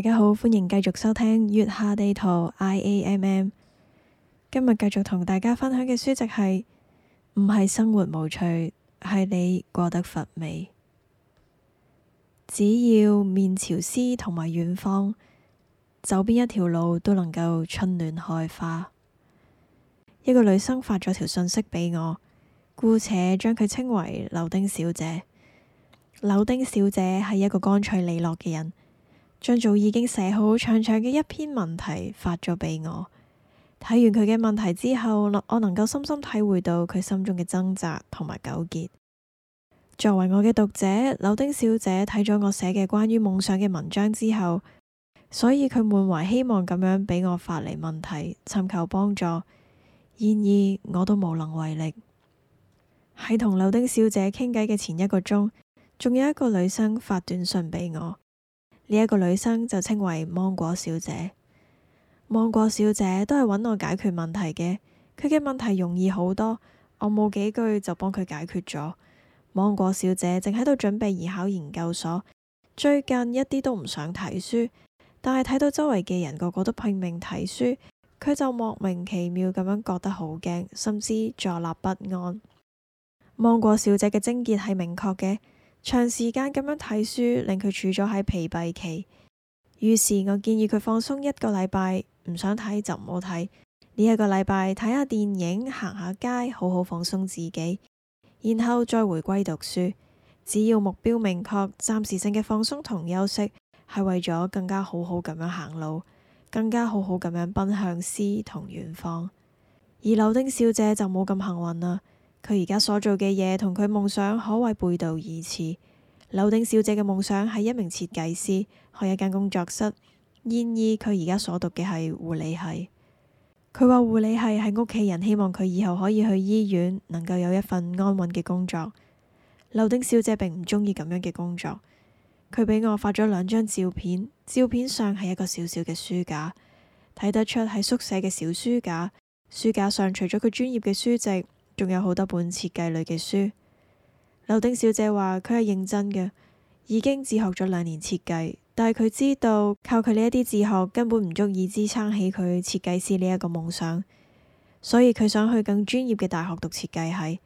大家好，歡迎繼續收聽月下地圖 IAMM。今日繼續同大家分享嘅書籍係《唔係生活無趣，係你過得乏味。只要面朝詩同埋遠方，走邊一條路都能夠春暖開花。》一個女生發咗條信息俾我，姑且將佢稱為柳丁小姐。柳丁小姐係一個乾脆利落嘅人。將早已經寫好長長嘅一篇問題發咗俾我，睇完佢嘅問題之後，我能夠深深體會到佢心中嘅掙扎同埋糾結。作為我嘅讀者，柳丁小姐睇咗我寫嘅關於夢想嘅文章之後，所以佢滿懷希望咁樣俾我發嚟問題，尋求幫助。然而，我都無能為力。喺同柳丁小姐傾偈嘅前一個鐘，仲有一個女生發短信俾我。呢一個女生就稱為芒果小姐。芒果小姐都係揾我解決問題嘅，佢嘅問題容易好多，我冇幾句就幫佢解決咗。芒果小姐正喺度準備二考研究所，最近一啲都唔想睇書，但係睇到周圍嘅人個個都拼命睇書，佢就莫名其妙咁樣覺得好驚，甚至坐立不安。芒果小姐嘅症結係明確嘅。長時間咁樣睇書，令佢處咗喺疲憊期。於是我建議佢放鬆一個禮拜，唔想睇就唔好睇。呢一個禮拜，睇下電影，行下街，好好放鬆自己，然後再回歸讀書。只要目標明確，暫時性嘅放鬆同休息係爲咗更加好好咁樣行路，更加好好咁樣奔向詩同遠方。而柳丁小姐就冇咁幸運啦。佢而家所做嘅嘢同佢夢想可謂背道而馳。柳丁小姐嘅夢想係一名設計師，開一間工作室。然而佢而家所讀嘅係護理系。佢話護理系係屋企人希望佢以後可以去醫院，能夠有一份安穩嘅工作。柳丁小姐並唔中意咁樣嘅工作。佢俾我發咗兩張照片，照片上係一個小小嘅書架，睇得出係宿舍嘅小書架。書架上除咗佢專業嘅書籍，仲有好多本設計類嘅書。柳丁小姐話佢係認真嘅，已經自學咗兩年設計，但係佢知道靠佢呢一啲自學根本唔足以支撐起佢設計師呢一個夢想，所以佢想去更專業嘅大學讀設計系。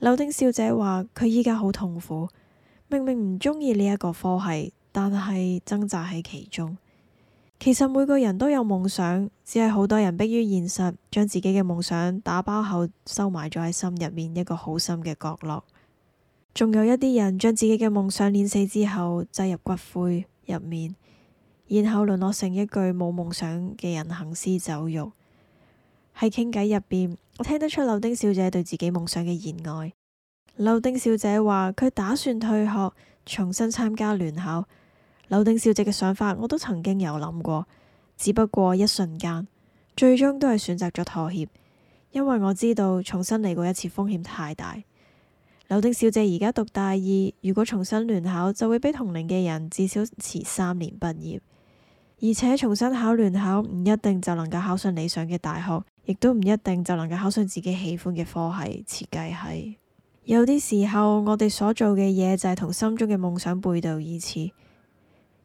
柳丁小姐話佢依家好痛苦，明明唔中意呢一個科系，但係掙扎喺其中。其實每個人都有夢想，只係好多人迫於現實，將自己嘅夢想打包後收埋咗喺心入面一個好深嘅角落。仲有一啲人將自己嘅夢想碾死之後，擠入骨灰入面，然後淪落成一句冇夢想嘅人行屍走肉。喺傾偈入邊，我聽得出柳丁小姐對自己夢想嘅熱愛。柳丁小姐話佢打算退學，重新參加聯考。柳丁小姐嘅想法，我都曾經有諗過，只不過一瞬間，最終都係選擇咗妥協，因為我知道重新嚟過一次風險太大。柳丁小姐而家讀大二，如果重新聯考，就會比同齡嘅人至少遲三年畢業，而且重新考聯考唔一定就能夠考上理想嘅大學，亦都唔一定就能夠考上自己喜歡嘅科系。設計系有啲時候，我哋所做嘅嘢就係同心中嘅夢想背道而馳。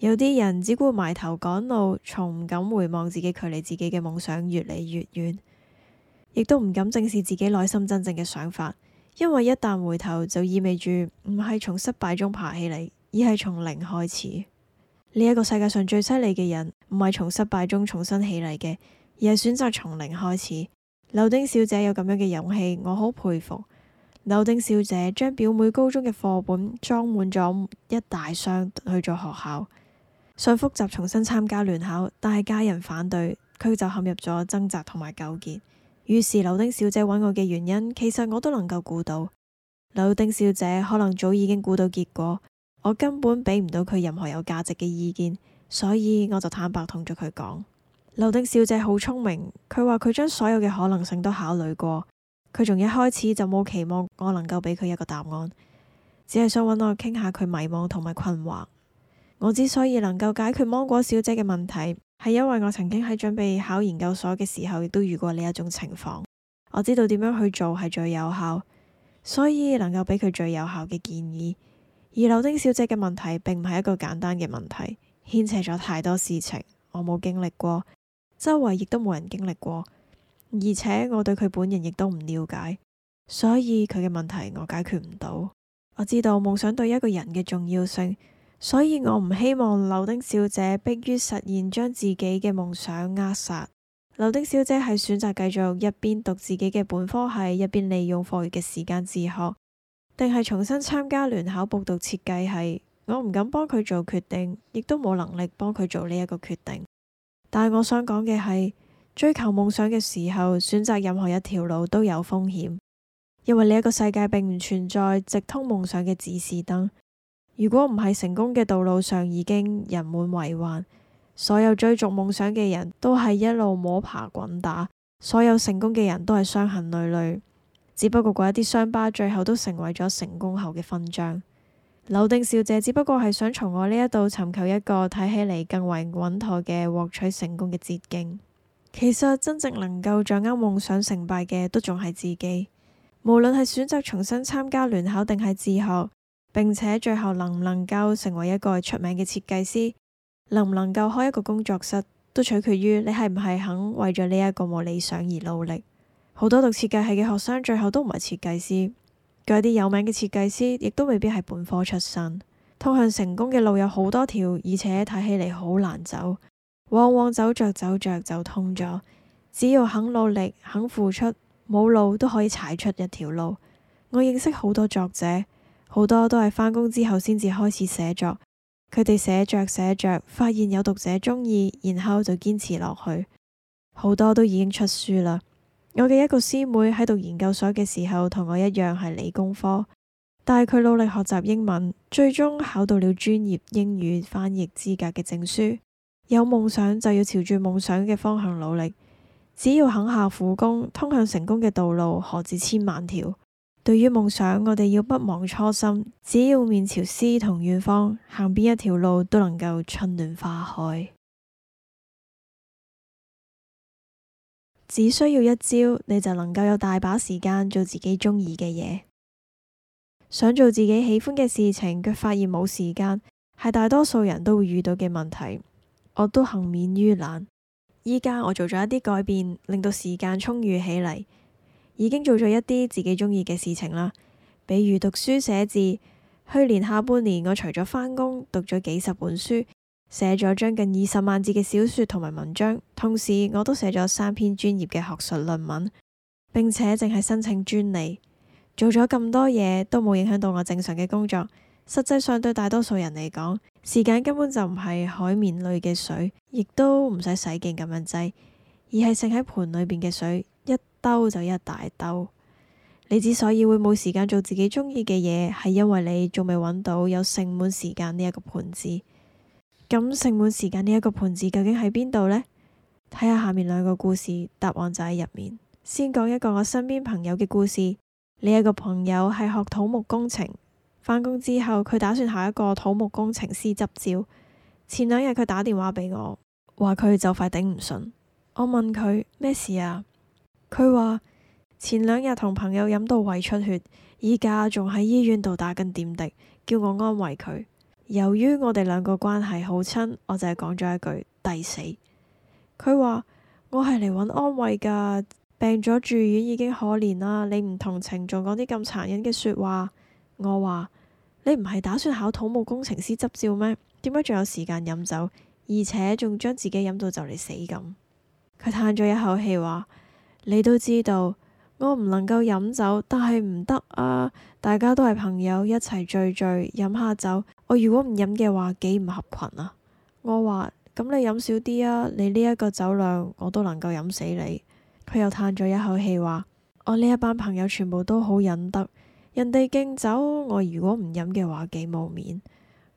有啲人只顧埋頭趕路，從唔敢回望自己，距離自己嘅夢想越嚟越遠，亦都唔敢正視自己內心真正嘅想法，因為一旦回頭就意味住唔係從失敗中爬起嚟，而係從零開始。呢一個世界上最犀利嘅人，唔係從失敗中重新起嚟嘅，而係選擇從零開始。柳丁小姐有咁樣嘅勇氣，我好佩服。柳丁小姐將表妹高中嘅課本裝滿咗一大箱去咗學校。想複習，重新參加聯考，但係家人反對，佢就陷入咗掙扎同埋糾結。於是柳丁小姐揾我嘅原因，其實我都能夠估到。柳丁小姐可能早已經估到結果，我根本俾唔到佢任何有價值嘅意見，所以我就坦白同咗佢講。柳丁小姐好聰明，佢話佢將所有嘅可能性都考慮過，佢從一開始就冇期望我能夠俾佢一個答案，只係想揾我傾下佢迷惘同埋困惑。我之所以能夠解決芒果小姐嘅問題，係因為我曾經喺準備考研究所嘅時候，亦都遇過呢一種情況。我知道點樣去做係最有效，所以能夠俾佢最有效嘅建議。而柳丁小姐嘅問題並唔係一個簡單嘅問題，牽扯咗太多事情，我冇經歷過，周圍亦都冇人經歷過，而且我對佢本人亦都唔了解，所以佢嘅問題我解決唔到。我知道我夢想對一個人嘅重要性。所以我唔希望柳丁小姐迫於實現將自己嘅夢想扼殺。柳丁小姐係選擇繼續一邊讀自己嘅本科系，一邊利用課餘嘅時間自學，定係重新參加聯考報讀設計系？我唔敢幫佢做決定，亦都冇能力幫佢做呢一個決定。但係我想講嘅係，追求夢想嘅時候，選擇任何一條路都有風險，因為呢一個世界並唔存在直通夢想嘅指示燈。如果唔係成功嘅道路上已經人滿為患，所有追逐夢想嘅人都係一路摸爬滾打，所有成功嘅人都係傷痕累累。只不過嗰一啲傷疤，最後都成為咗成功後嘅勳章。柳丁小姐只不過係想從我呢一度尋求一個睇起嚟更為穩妥嘅獲取成功嘅捷徑。其實真正能夠掌握夢想成敗嘅，都仲係自己。無論係選擇重新參加聯考定係自學。並且最後能唔能夠成為一個出名嘅設計師，能唔能夠開一個工作室，都取決於你係唔係肯為咗呢一個理想而努力。好多讀設計系嘅學生最後都唔係設計師，嗰啲有名嘅設計師亦都未必係本科出身。通向成功嘅路有好多條，而且睇起嚟好難走，往往走着走着就通咗。只要肯努力、肯付出，冇路都可以踩出一條路。我認識好多作者。好多都係返工之後先至開始寫作，佢哋寫着寫着發現有讀者鍾意，然後就堅持落去。好多都已經出書啦。我嘅一個師妹喺讀研究所嘅時候，同我一樣係理工科，但係佢努力學習英文，最終考到了專業英語翻譯資格嘅證書。有夢想就要朝住夢想嘅方向努力，只要肯下苦功，通向成功嘅道路何止千萬條。對於夢想，我哋要不忘初心。只要面朝詩同遠方，行邊一條路都能夠春暖花開。只需要一招，你就能夠有大把時間做自己鍾意嘅嘢。想做自己喜歡嘅事情，卻發現冇時間，係大多數人都會遇到嘅問題。我都幸免於難。依家我做咗一啲改變，令到時間充裕起嚟。已經做咗一啲自己中意嘅事情啦，比如讀書寫字。去年下半年，我除咗返工，讀咗幾十本書，寫咗將近二十萬字嘅小說同埋文章，同時我都寫咗三篇專業嘅學術論文，並且淨係申請專利。做咗咁多嘢，都冇影響到我正常嘅工作。實際上，對大多數人嚟講，時間根本就唔係海綿裏嘅水，亦都唔使使勁咁樣擠，而係剩喺盤裏邊嘅水。兜就一大兜。你之所以會冇時間做自己中意嘅嘢，係因為你仲未揾到有盛滿時間呢一個盤子。咁盛滿時間呢一個盤子究竟喺邊度呢？睇下下面兩個故事，答案就喺入面。先講一個我身邊朋友嘅故事。你一個朋友係學土木工程，返工之後佢打算考一個土木工程師執照。前兩日佢打電話俾我，話佢就快頂唔順。我問佢咩事啊？佢話前兩日同朋友飲到胃出血，依家仲喺醫院度打緊點滴，叫我安慰佢。由於我哋兩個關係好親，我就係講咗一句抵死。佢話我係嚟揾安慰㗎，病咗住院已經可憐啦，你唔同情，仲講啲咁殘忍嘅說話。我話你唔係打算考土木工程師執照咩？點解仲有時間飲酒，而且仲將自己飲到就嚟死咁？佢嘆咗一口氣，話。你都知道我唔能夠飲酒，但係唔得啊！大家都係朋友，一齊聚聚飲下酒。我如果唔飲嘅話，幾唔合群啊！我話咁你飲少啲啊！你呢一個酒量，我都能夠飲死你。佢又嘆咗一口氣話：我呢一班朋友全部都好飲得，人哋敬酒，我如果唔飲嘅話，幾冇面。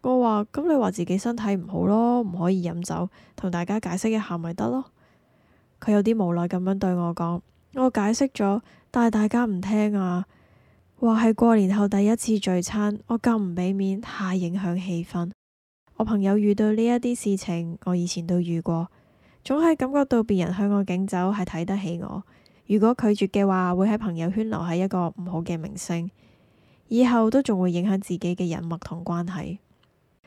我話咁你話自己身體唔好咯，唔可以飲酒，同大家解釋一下咪得咯。佢有啲無奈咁樣對我講，我解釋咗，但係大家唔聽啊，話係過年後第一次聚餐，我咁唔俾面，太影響氣氛。我朋友遇到呢一啲事情，我以前都遇過，總係感覺到別人向我敬酒係睇得起我。如果拒絕嘅話，會喺朋友圈留喺一個唔好嘅名聲，以後都仲會影響自己嘅人脈同關係。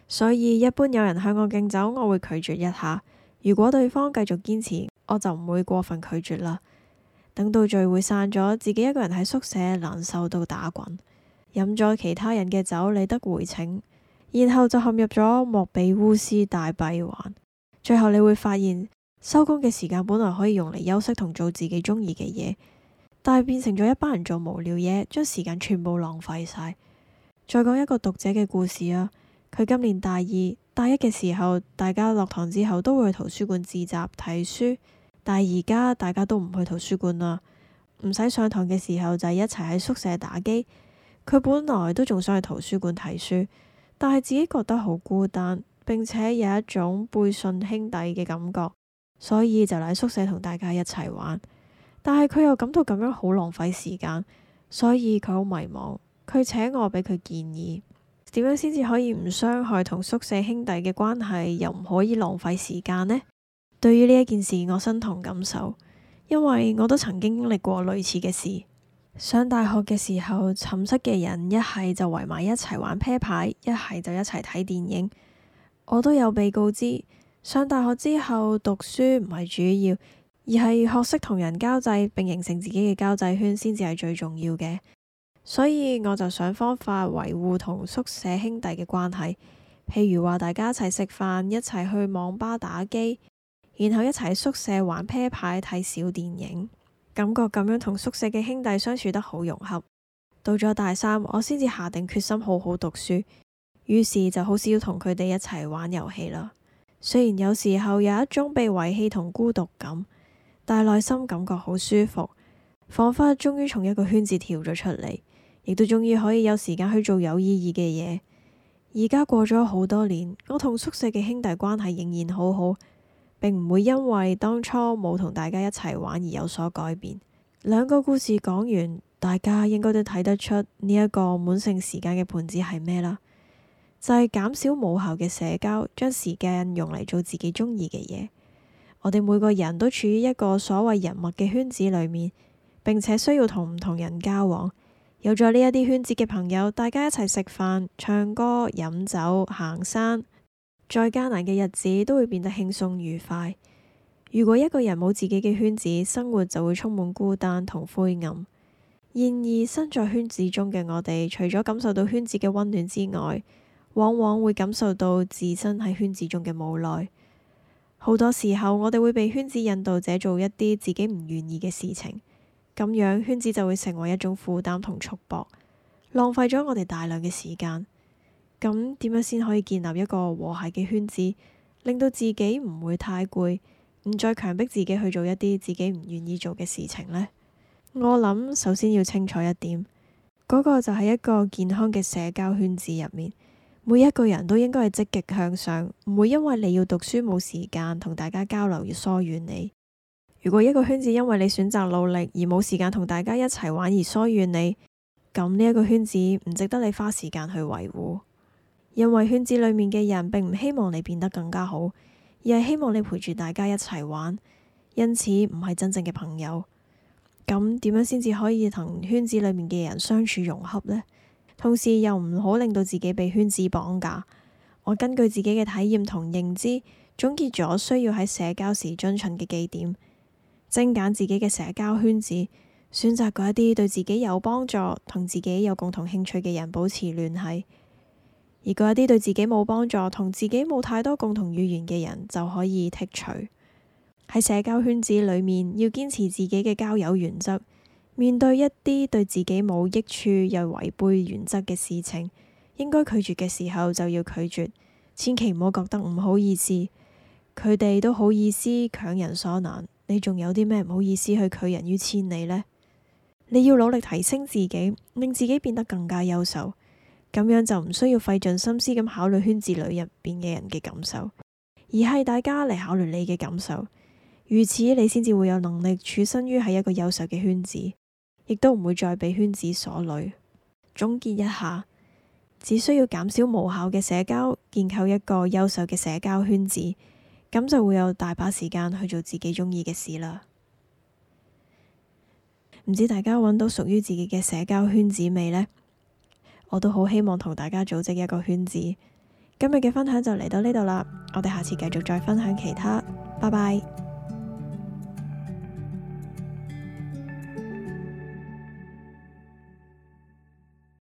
所以一般有人向我敬酒，我會拒絕一下。如果對方繼續堅持，我就唔會過分拒絕啦。等到聚會散咗，自己一個人喺宿舍難受到打滾，飲咗其他人嘅酒，你得回請，然後就陷入咗莫比烏斯大閉環。最後你會發現，收工嘅時間本來可以用嚟休息同做自己中意嘅嘢，但係變成咗一班人做無聊嘢，將時間全部浪費曬。再講一個讀者嘅故事啊，佢今年大二、大一嘅時候，大家落堂之後都會去圖書館自習睇書。但係而家大家都唔去圖書館啦，唔使上堂嘅時候就一齊喺宿舍打機。佢本來都仲想去圖書館睇書，但係自己覺得好孤單，並且有一種背信兄弟嘅感覺，所以就嚟喺宿舍同大家一齊玩。但係佢又感到咁樣好浪費時間，所以佢好迷茫。佢請我俾佢建議，點樣先至可以唔傷害同宿舍兄弟嘅關係，又唔可以浪費時間呢？對於呢一件事，我身同感受，因為我都曾經經歷過類似嘅事。上大學嘅時候，寢室嘅人一係就圍埋一齊玩啤牌，一係就一齊睇電影。我都有被告知，上大學之後讀書唔係主要，而係學識同人交際，並形成自己嘅交際圈，先至係最重要嘅。所以我就想方法維護同宿舍兄弟嘅關係，譬如話大家一齊食飯，一齊去網吧打機。然後一齊喺宿舍玩 pair 牌、睇小電影，感覺咁樣同宿舍嘅兄弟相處得好融洽。到咗大三，我先至下定決心好好讀書，於是就好少同佢哋一齊玩遊戲啦。雖然有時候有一種被遺棄同孤獨感，但係內心感覺好舒服，仿佛終於從一個圈子跳咗出嚟，亦都終於可以有時間去做有意義嘅嘢。而家過咗好多年，我同宿舍嘅兄弟關係仍然好好。並唔會因為當初冇同大家一齊玩而有所改變。兩個故事講完，大家應該都睇得出呢一個滿性時間嘅盤子係咩啦？就係、是、減少無效嘅社交，將時間用嚟做自己中意嘅嘢。我哋每個人都處於一個所謂人脈嘅圈子裏面，並且需要同唔同人交往。有咗呢一啲圈子嘅朋友，大家一齊食飯、唱歌、飲酒、行山。再艱難嘅日子都會變得輕鬆愉快。如果一個人冇自己嘅圈子，生活就會充滿孤單同灰暗。然而，身在圈子中嘅我哋，除咗感受到圈子嘅溫暖之外，往往會感受到自身喺圈子中嘅無奈。好多時候，我哋會被圈子引導者做一啲自己唔願意嘅事情，咁樣圈子就會成為一種負擔同束縛，浪費咗我哋大量嘅時間。咁點樣先可以建立一個和諧嘅圈子，令到自己唔會太攰，唔再強迫自己去做一啲自己唔願意做嘅事情呢？我諗，首先要清楚一點，嗰個就係一個健康嘅社交圈子入面，每一個人都應該係積極向上，唔會因為你要讀書冇時間同大家交流而疏遠你。如果一個圈子因為你選擇努力而冇時間同大家一齊玩而疏遠你，咁呢一個圈子唔值得你花時間去維護。因為圈子裏面嘅人並唔希望你變得更加好，而係希望你陪住大家一齊玩，因此唔係真正嘅朋友。咁點樣先至可以同圈子裏面嘅人相處融合呢？同時又唔好令到自己被圈子綁架。我根據自己嘅體驗同認知，總結咗需要喺社交時遵循嘅幾點，精簡自己嘅社交圈子，選擇嗰一啲對自己有幫助、同自己有共同興趣嘅人保持聯繫而嗰一啲對自己冇幫助、同自己冇太多共同語言嘅人就可以剔除。喺社交圈子裏面，要堅持自己嘅交友原則。面對一啲對自己冇益處又違背原則嘅事情，應該拒絕嘅時候就要拒絕，千祈唔好覺得唔好意思。佢哋都好意思強人所難，你仲有啲咩唔好意思去拒人於千里呢？你要努力提升自己，令自己變得更加優秀。咁樣就唔需要費盡心思咁考慮圈子裏入邊嘅人嘅感受，而係大家嚟考慮你嘅感受。如此你先至會有能力處身於喺一個優秀嘅圈子，亦都唔會再被圈子所累。總結一下，只需要減少無效嘅社交，建構一個優秀嘅社交圈子，咁就會有大把時間去做自己中意嘅事啦。唔知大家揾到屬於自己嘅社交圈子未呢？我都好希望同大家組織一個圈子。今日嘅分享就嚟到呢度啦，我哋下次繼續再分享其他。拜拜。